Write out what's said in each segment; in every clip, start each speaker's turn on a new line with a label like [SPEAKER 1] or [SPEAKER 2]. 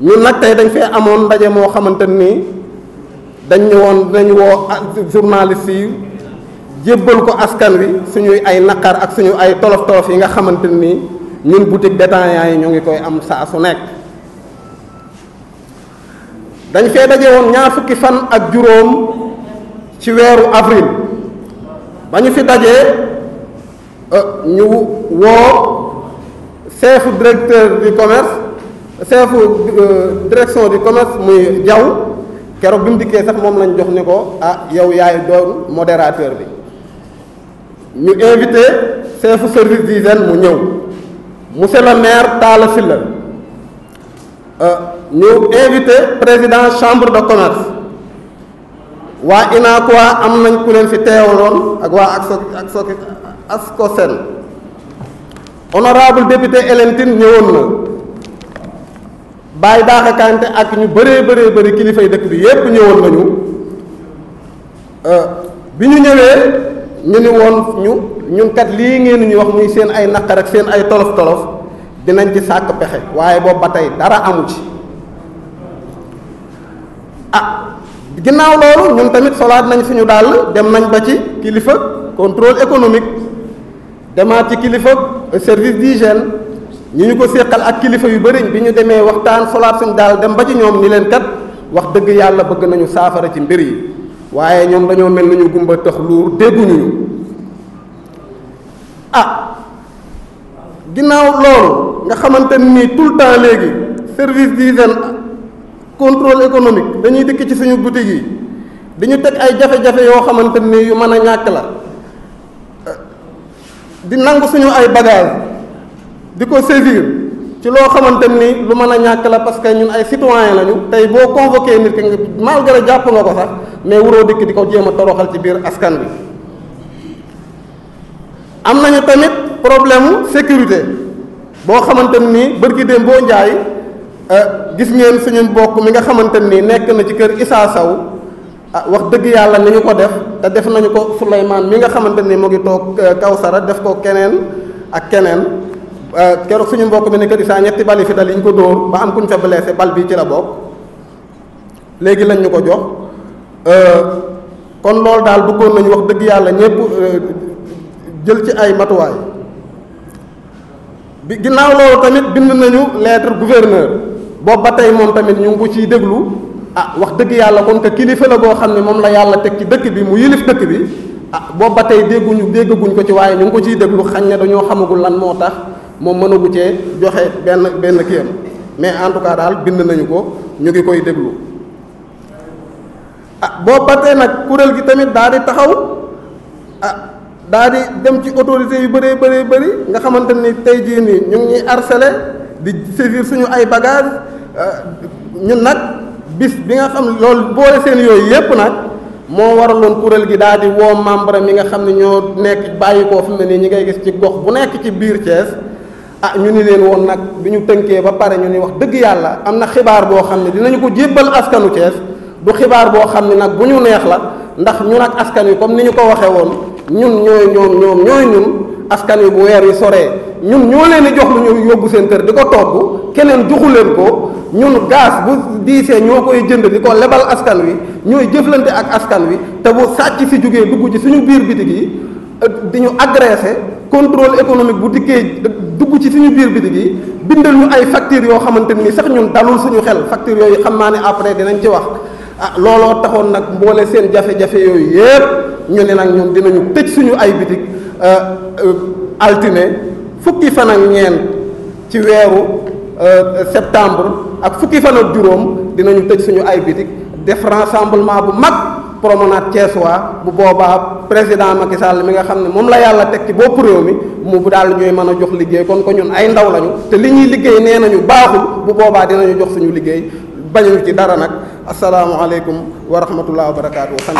[SPEAKER 1] ñun nag tey dañ fee amoon ndaje moo xamante ni dañ ñëwoon dañ woo journaliste yi jébbal ko askan wi suñuy ay nakar, ak suñu ay tolof tolof yi nga xamante ni ñun boutique détaillant yi ñu ngi koy am saa su nekk dañ fee daje woon ñaar fukki fan ak juróom ci weeru avril ba ñu fi dajee euh, ñu woo chef directeur du commerce chefu euh, direction du commerce muy jaww keroog bi mu dikkee sax moom lañu jox ni ko ah yow yaay doon modérateur bi ñu invité chefu service d'hygiène mu ñëw monsieur le maire Talla Sylla euh, ñu invité président chambre de commerce waa UNACOIS am nañ ku leen fi teewaloon ak waa ASCOSEN honorable député Hélène ñëwoon na bay daxa kante ak ñu bëree bëree bëri kilifa yi dëkk bi yépp ñëwoon nañu euh, bi ñu ñëwee ñu ni woon ñu ñun kat lii ngeen ñu wax muy seen ay naqar ak seen ay tolof tolof dinañ ci sàkk pexe waaye boobu ba tey dara amu ci ah ginnaaw loolu ñun tamit solaat nañ suñu dàll dem nañ ba ci kilifa contrôle économique demaat ci kilifa service d'hygiène ñi ñu ko seqal ak kilifa yu bëri bi ñu demee waxtaan solaat suñ daal dem ba ci ñoom ni leen kat wax dëgg yàlla bëgg nañu saafara ci mbir yi waaye ñoom dañoo mel nañu gumba tax luur dégguñu ñu ah ginnaaw loolu nga xamante ni tout temps léegi service d'hygiène contrôle économique dañuy dëkk ci suñu boutique yi dañu teg ay jafe-jafe yoo xamante ni yu mën a ñàkk la di nangu suñu ay bagage di ko saisir ci loo xamante ni lu mën a la parce que ñun ay citoyen lañu tey boo convoqué nit ki malgré jàpp nga ko sax mais wuroo dikk di ko jéem a toroxal ci biir askan bi am nañu tamit problème sécurité boo xamante ni bërki dem boo njaay euh, gis ngeen suñu mbokk mi nga xamante ni na ci kër isaa saw ah, wax dëgg yàlla ni ko def def nañu ko mi nga ngi euh, def ko ak Eh, keroog suñu mbokk mi ne kër Issa ñetti bali fital yi ñu ko dóor ba am kuñ fa blessé bal bi ci la bokk léegi lañ ñu ko jox eh, kon loolu daal bëggoon nañu wax dëgg yàlla ñëpp eh, jël ci ay matuwaay bi ginnaaw loolu tamit bind nañu lettre gouverneur boobu ba tey moom tamit ñu ngi ko déglu ah wax dëgg yàlla kon que kilifa la boo xam ne moom la yàlla teg ci dëkk bi mu yilif dëkk bi ah boobu ba tey dégguñu déggaguñ ko ci waaye ñu ngi ko ciy déglu xañ ne dañoo xamagul lan moo tax moom mënagu cee joxe benn benn kiyam mais en tout cas daal bind nañu ko ñu ngi koy déglu ah boo partee nag kuréel gi tamit daal di taxaw ah daal di dem ci autorités yu bëree bëree bëri nga xamante ni tey jii nii ñu ngi ñuy harcelé di saisir suñu ay bagage ah, ñun nag bis bi nga xam loolu boole seen yooyu yépp nag moo waraloon kuréel gi daal di woo membre mi nga xam ne ñoo nekk bàyyi koo fi mu nii ñi ngay gis ci gox bu nekk ci biir Thiès. ah ñu ni leen woon nag bi ñu tënkee ba pare ñu ni wax dëgg yàlla am na xibaar boo xam ne dinañu ko jébbal askanu Thiès du xibaar boo xam ne nag bu ñu neex la ndax ñu ak askan wi comme ni ñu ko waxee woon ñun ñooy ñoom ñoom ñooy ñun askan wi bu weer wi soree ñun ñoo leen di jox lu ñu yóbbu seen kër di ko togg keneen joxu leen ko ñun gaz bu diisee ñoo koy jënd di ko lebal askan wi ñooy jëflante ak askan wi te bu sàcc si jógee dugg ci suñu biir bitig yi di ñu agressé contrôle bu dikkee dugg ci suñu biir bitig yi bindal ñu ay factures yoo xamante ni sax ñun dalul suñu xel factures yooyu xam naa ne après dinañ ci wax ah looloo taxoon nag mboole seen jafe-jafe yooyu yépp ñu ne nag ñun dinañu tëj suñu ay bitig euh, euh, altine fukki fan ak ñeent ci weeru euh, septembre ak fukki fan ak juróom dinañu tëj suñu ay bitig def rassemblement bu mag promenade Thiessois bu boobaa président Macky Sall mi nga xam ne moom la yàlla teg ci bopp réew mi mu bu daal ñuy mën a jox liggéey kon ko ñun ay ndaw lañu te li ñuy liggéey nee nañu baaxul bu boobaa dinañu jox suñu liggéey bañuñu ci dara nag asalaamaaleykum wa rahmatulah wa barakaatu sant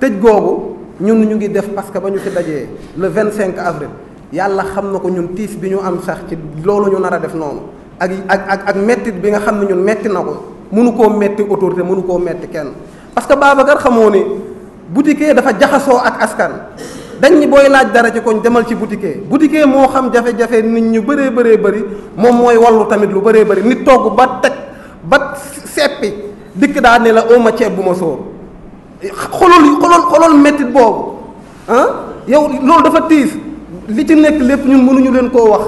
[SPEAKER 1] tëj googu ñun ñu ngi def parce que ba ñu ci dajee le vingt cinq avril yàlla xam na ko ñun tiis bi ñu am sax ci loolu ñu nar a def noonu ak ak ak ak mettit bi nga xam ne ñun metti na ko. mënu koo metti autorité mënu koo metti kenn parce que Babacar xamoo ni boutiquier dafa jaxasoo ak askan dañ ni booy laaj dara ci koñ demal ci boutiquier boutiquier moo xam jafe-jafe nit ñu bëree bëree bëri moom mooy wallu tamit lu bëree bëri nit togg ba teg ba seppi dikk daa ne la oma ceeb bu ma sóor xolol xolol xolol mettit boobu ah yow loolu dafa tiis li ci nekk lépp ñun mënuñu leen koo wax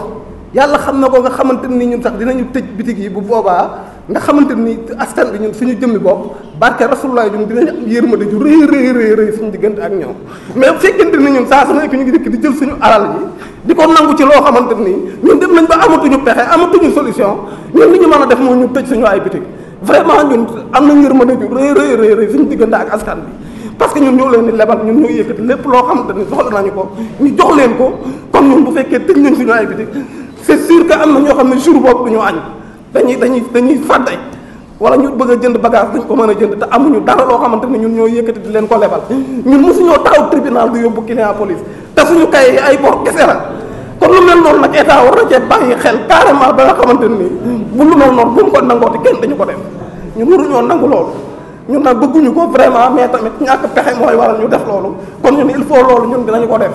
[SPEAKER 1] yàlla xam na ko nga xamante ni ñun sax dinañu tëj bitig yi bu boobaa nga xamante ni askan bi ñun suñu jëmmi bopp barke rasulullah ñun dinañ am yërmande ju rëy rëy suñu diggante ak ñoom mais bu fekkente ni ñun saa su nekk ñu ngi dëkk suñu alal ko nangu ci loo xamante ni dem nañ ba amatuñu pexe amatuñu solution ñun li ñu man a def moo ñu tëj suñu ay bitig vraiment ñun am nañ yërmande ju rëy rëy rëy rëy suñu diggante ak askan bi parce que ñun ñoo leen lebal ñun ñoo yëkkati lépp loo xamante ni soxla nañu ko ñu jox leen ko kon ñun bu fekkee tëj nañ suñu ay bitig c'est sûr que am na ñoo xam ne jour boobu ñu añ dañuy dañuy dañuy fadde wala ñu bëgg a jënd bagage dañ ko mën a jënd te amuñu dara loo xamante ne ñun ñoo yëkkati di leen ko lebal ñun mosuñoo taxaw tribunal du yóbbu client police te suñu kay ay bor kese la kon lu mel noonu nag état war a cee bàyyi xel carrément ba nga xamante ni bu lu mel noonu bu mu ko nangooti kenn dañu ko def ñun waruñoo nangu loolu ñun nag bëgguñu ko vraiment mais tamit ñàkk pexe mooy waral ñu def loolu kon ñun il faut loolu ñun dinañu ko def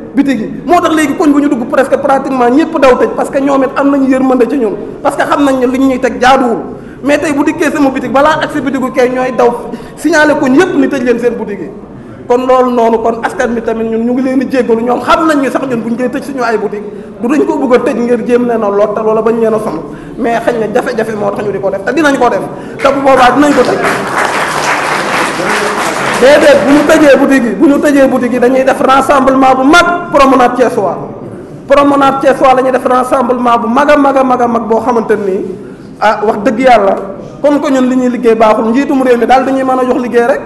[SPEAKER 1] biti gi moo tax léegi koñ bu ñu dugg presque pratiquement ñëpp daw tëj parce que ñoom it am nañu yërmande ci ñun parce que xam nañ ne li ñuy teg jaaduwul mais tey bu dikkee sama bitig balaa ak bitigu kay ñooy daw signalé koñ yëpp ni tëj leen seen bitig yi kon loolu noonu kon askan mi tamit ñun ñu ngi leen di jéggalu ñoom xam nañ sax ñun buñ dee tëj suñu ay boutique du dañ ko bëgg a tëj ngir jéem leen a lottal wala bañ leen a sonn mais xëy na jafe-jafe ko def te dinañ déedéet bu ñu tëjee boutique bu ñu tëjee boutique dañuy def rassemblement bu mag promenade Thiessois promenade Thiessois la ñuy def rassemblement bu mag a mag mag a mag ah wax dëgg yàlla comme que ñun li ñuy liggéey baaxul njiitum réew mi daal dañuy mën jox liggéey rek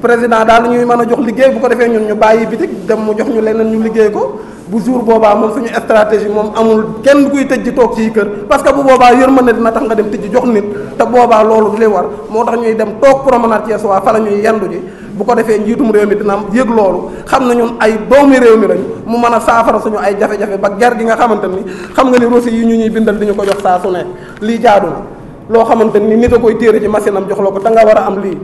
[SPEAKER 1] président ñuy jox liggéey bu ko defee ñun ñu bàyyi bitik dem mu jox ñu leneen ñu liggéey ko bu jour boobaa moom suñu stratégie moom amul kenn kuy tëj toog ci kër parce que bu boobaa dina tax nga dem jox nit te du war ñuy dem promenade fa ji bu ko defee njiitum réew mi dina yëg loolu xam na ñun ay doomi réew mi lañu mu mën a saafara suñu ay jafe-jafe ba ger nga xamante ni xam nga ni rosi yi ñu ñuy bindal di ñu ko jox saa su ne lii jaadu loo xamante ni nit a koy téere ci machine am jox la ko te war a am lii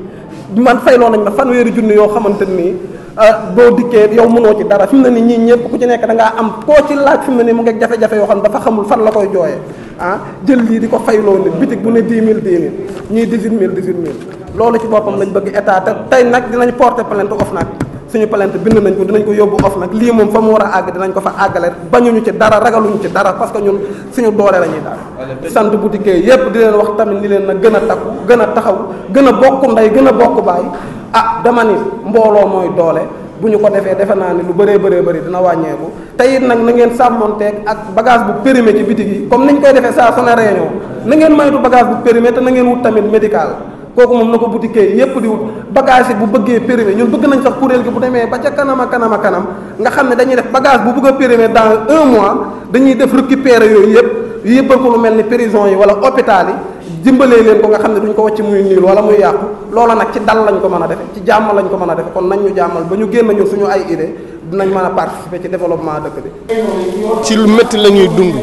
[SPEAKER 1] man fayloo nañ la fanweeri junni yoo xamante nii ah, boo dikkee yow mënoo ci dara fi mu ne ni ñii ñëpp ku ci nekk da ngaa am koo ci laaj fi mu ne ni mu ngi jafe-jafe yoo xam dafa xamul fan la koy jooyee ah, jël lii di ko fayloo nit bitig bu ne 10 000 10 loolu ci boppam lañ bëgg état te tey nag dinañ porter plainte OFNAC suñu plainte bind nañ ko dinañ ko yóbbu OFNAC lii moom fa mu war a àgg dinañ ko fa àggale bañuñu ci dara ragaluñu ci dara parce que ñun suñu doole la ñuy daal sant boutiquier yépp di leen wax tamit ni leen na gën a takku gën a taxaw gën a bokk ndey gën a bokk baay ah dama mbooloo mooy doole bu ñu ko defee defe naa ni lu bëree bëree bëri dina wàññeeku te it nag na ngeen sàmmonteeg ak bagage bu périmé ci bitig yi comme niñ koy defee saa su ne réunion na ngeen maytu bagage bu ngeen wut tamit médical kooku moom na ko boutique yépp di wut bagage yi bu bëggee périmé ñun bëgg nañ sax kuréel gi bu demee ba ca kanam a kanam a kanam nga xam ne dañuy def bagage bu bëgg a périmé dans un mois dañuy def récupérer yooyu yépp yéppal ko lu mel ni prison yi wala hôpital yi dimbalee leen ko nga xam ne duñ ko wax wàcc muy niil wala muy yàqu loola nag ci dal lañ ko mën a defe ci jàmm lañ ko mën a defe kon nañ ñu jàmmal ba ñu génn ñun suñu ay idée dinañ mën a participer ci développement dëkk bi ci lu
[SPEAKER 2] métti la ñuy dund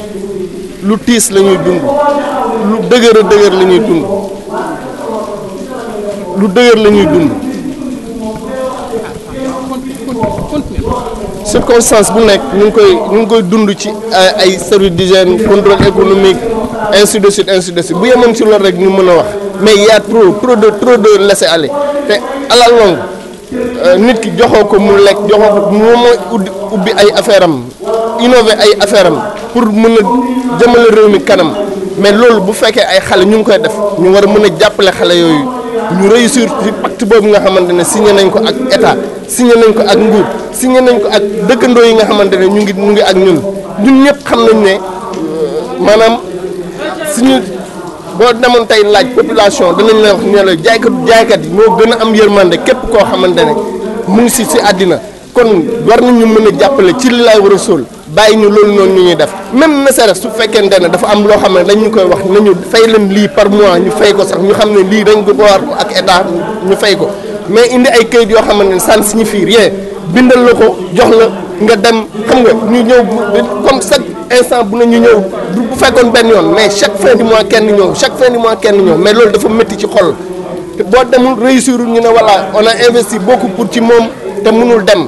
[SPEAKER 2] lu tiis la ñuy
[SPEAKER 1] dund lu dëgër a la ñuy dund
[SPEAKER 2] lu dëgër la ñuy dund circonstance bu nekk ñu ngi koy ñu ngi koy dund ci euh, ay service d'hygiène contrôle économique ainsi de suite ainsi de suite bu yemoon si loolu rek ñu mën a wax mais y a trop trop de trop de laisser aller te à la longue euh, nit ki joxoo ko mu lekk joxoo ko moom mooy ubbi ay affaire am innover ay affaire am pour mën a jëmale réew mi kanam mais loolu bu fekkee ay xale ñu ngi koy def ñu war a mën a jàppale xale yooyu ñu réussir ci pacte boobu nga xamante ne si signé nañ ko ak état signé nañ ko ak nguur signé nañ ko ak dëkkandoo yi nga xamante ne ñu ngi mu ngi ak ñun ñun ñëpp xam nañ ne euh, maanaam suñu boo demoon tey laaj population danañ la wax ne la jaaykat jaaykat yi moo gën a am yërmande képp koo xamante ne mu ngi si si àddina kon war nañu mën a jàppale ci li laay war a sóol bàyyi ñu loolu noonu ñu ñuy def même ne su fekkente ne dafa am loo xam ne dañ ñu koy wax nañu fay leen lii par mois ñu fay ko sax ñu xam ne lii dañ ko war ak état ñu fay ko mais indi ay kayit yoo xamante ne ça ne signifie yee bindal la ko jox la nga dem xam nga ñu ñëw bu comme chaque instant bu ne ñu ñëw bu fekkoon benn yoon mais chaque fin mois kenn ñëw chaque fin mois kenn ñëw mais loolu dafa métti ci xol boo demul réussir ñu ne voilà on a investi beaucoup pour ci moom te mënul dem.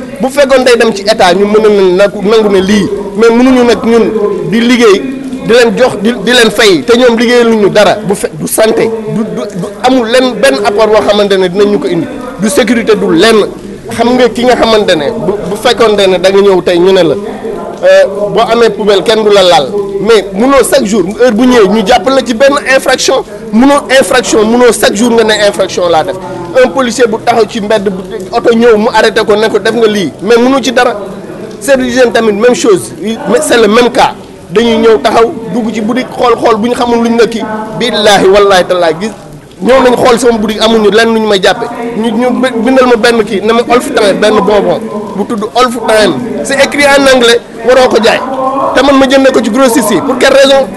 [SPEAKER 2] bu fekkoon day dem ci état ñu mën a na nangu ne lii mais mënuñu nag ñun di liggéey di leen jox di di leen fay te ñoom liggéeyaluñu dara bu fe du santé du du amul lenn benn apport boo xamante ne dinañ ñu ko indi du sécurité du lenn xam nga ki nga xamante ne bu bu fekkoon ne da nga ñëw tey ñu ne la euh, boo amee poubelle kenn du la laal mais munoo chaque jour heure bu ñëwee ñu jàpp la ci benn infraction munoo infraction munoo chaque jour nga ne infraction laa def. un policier bu taxaw ci mbedd bu oto ñëw mu arrêté ko ne ko def nga lii mais mënu ci dara service d'hygiène tamit même chose c'est le même cas dañuy ñëw taxaw dugg ci boutique xool xool bu ñu xamul luñ nekki billahi wallahi tallaahi gis ñëw nañ xool sama boutique amuñu lan lu ñu may jàppe ñu ñu bindal ma benn kii na ma Olf Time benn bonbon bu tudd Olf Time c'est écrit en anglais waroo ko jaay te man ma jëndee ko ci grossiste yi pour quelle raison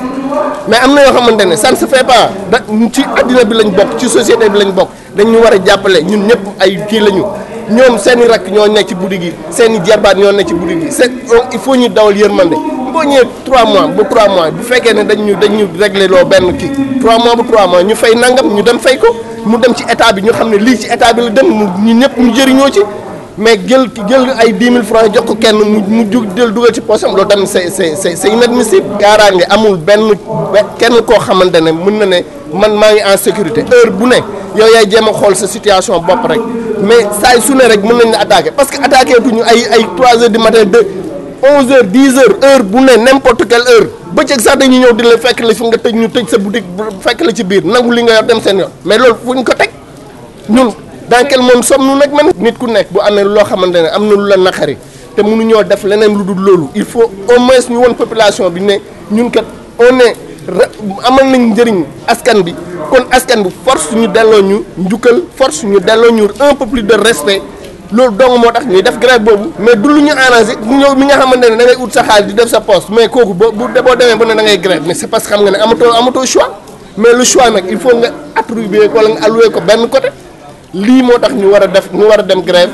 [SPEAKER 2] mais am na yoo xamante ne ça ne se fait pas da ci addina bi lañ bokk ci société bi lañ bokk dañu ñu war a jàppale ñun ñëpp ay kii lañu ñoom seen i rakk ñoo nekk ci buddi gi seen i jarbaat ñoo nekk ci buddi gi c'est il faut ñu dawal yërmande boo ñëwee 3 mois ba 3 mois bu fekkee ne dañ ñu dañ ñu réglé loo benn kii 3 mois ba 3 mois ñu fay nangam ñu dem fay ko mu dem ci état bi ñu xam ne lii ci état bi la dem ñu ñëpp ñu jëriñoo ci mais jël jël ay 10 mille francs jox ko kenn mu mu jël dugal ci poosam loolu tamit c'est c'est c'est inadmissible. kaaraange amul benn kenn koo xamante ne mën na ne. man maa en sécurité heure bu ne yow yaay jéem a xool sa situation bopp rek mais saa su ne rek mën nañ la attaqué parce que attaqué ñu ay ay 3 heures du matin de 11 heures 10 heures heure bu ne n' importe quelle heure bëccëg sax dañuy ñëw di la fekk la fi nga tëj ñu tëj sa boutique fekk la ci biir nangu li nga yor dem seen yoon mais loolu fuñ ko teg ñun dans quel monde sommes-nous nag man. nit ku nekk bu amee loo xamante ne am na lu la naqari te mënuñoo def leneen lu dul loolu il faut au moins ñu won population bi ne ñun kat on est amal nañ njëriñ askan bi kon askan bi force ñu delloo ñu njukkal force ñu delloo ñu un peu plus de respect loolu dong moo tax ñuy def grève boobu mais du lu ñu arrangé ñëw mi nga xamante ne da ngay ut sa xaalis di def sa poste mais kooku bu boo demee bu ne da ngay grève mais c'est parce que xam nga ne amatoo amatoo choix mais le choix nag il faut nga attribuer ko wala nga allouer ko benn côté lii moo tax ñu war a def ñu war a dem grève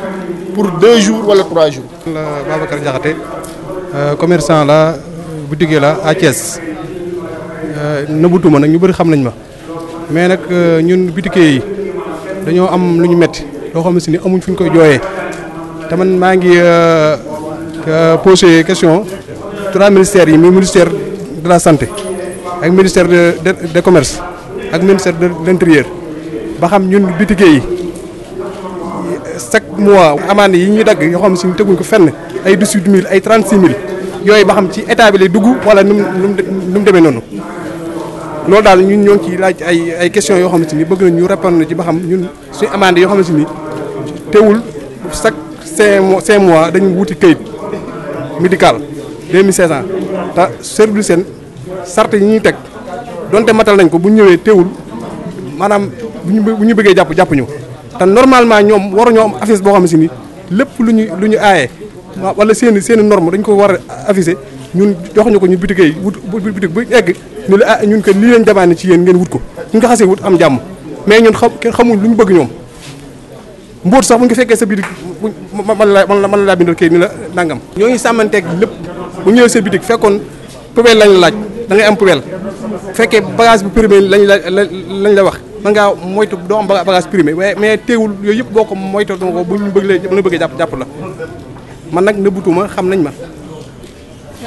[SPEAKER 2] pour
[SPEAKER 3] deux jours wala trois jours. Babacar Diakhaté euh, commerçant la euh, boutique la à Thiès. Euh, nëbutuma nag ñu bëri xam nañ ma mais nag euh, ñun boutiquiers yi dañoo am lu ñu metti loo xam ne si ni amuñ fu ñu koy jooyee te man maa ngi euh, posé question trois ministères yi muy ministère de la santé ak ministère de de commerce ak ministère de l'intérieur ba xam ñun boutiquiers yi chaque mois amande yi ñuy dagg yoo xam ne si teguñ ko fenn ay dix-huit mille ay trente-six mille yooyu ba xam ci état bi lay dugg wala nu mu nu mu demee noonu. loolu daal ñun ñoo ngi laaj ay ay questions yoo xamante ni bëgg nañu ñu répondre ci ba xam ñun suñu amande yoo xamante ni teewul chaque cinq cinq mois dañu wuti kayit médical 2500 te service seen sart yi ñuy teg donte matal nañ ko bu ñëwee teewul maanaam bu ñu bu ñu bëggee jàpp jàpp ñu te normalement ñoom waruñoo am affiche boo xam si ni lépp lu ñu lu ñu aaye wala seen i seen i norme dañ ko war a afficher ñun joxuñu ko ñu bitige yi wut bitig bu egg ñu la ah ñun que lii lañ demandé ci yéen ngeen wut ko ñu ko xasee wut am jàmm mais ñun xam kenn xamuñ lu ñu bëgg ñoom mbóot sax bu ñu ko fekkee sa bitig man la man la man la bindal kii ni la nangam. ñoo ngi sàmmanteeg lépp bu ñëwee sa bitig fekkoon poubelle lañ la laaj da ngay am poubelle fekkee bagage bu primé lañ la lañ la wax man ngaa moytu doo am bagage primé waaye mais teewul yooyu yëpp boo ko moytu ko bu ñu bëgg lee mën a bëggee jàpp jàpp la man nag nëbbutuma xam nañ ma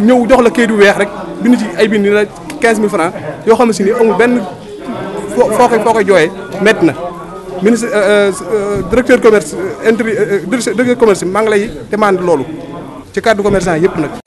[SPEAKER 3] ñëw jox la kayit bu weex rek bind ci ay bind la 15000 francs yoo xam ne si ni amul benn foo foo koy foo koy jooyee métti na. ministre euh, euh, euh, directeur commerce intérieur directeur commerce bi maa ngi lay demande loolu ci cadre commerçant yëpp nag.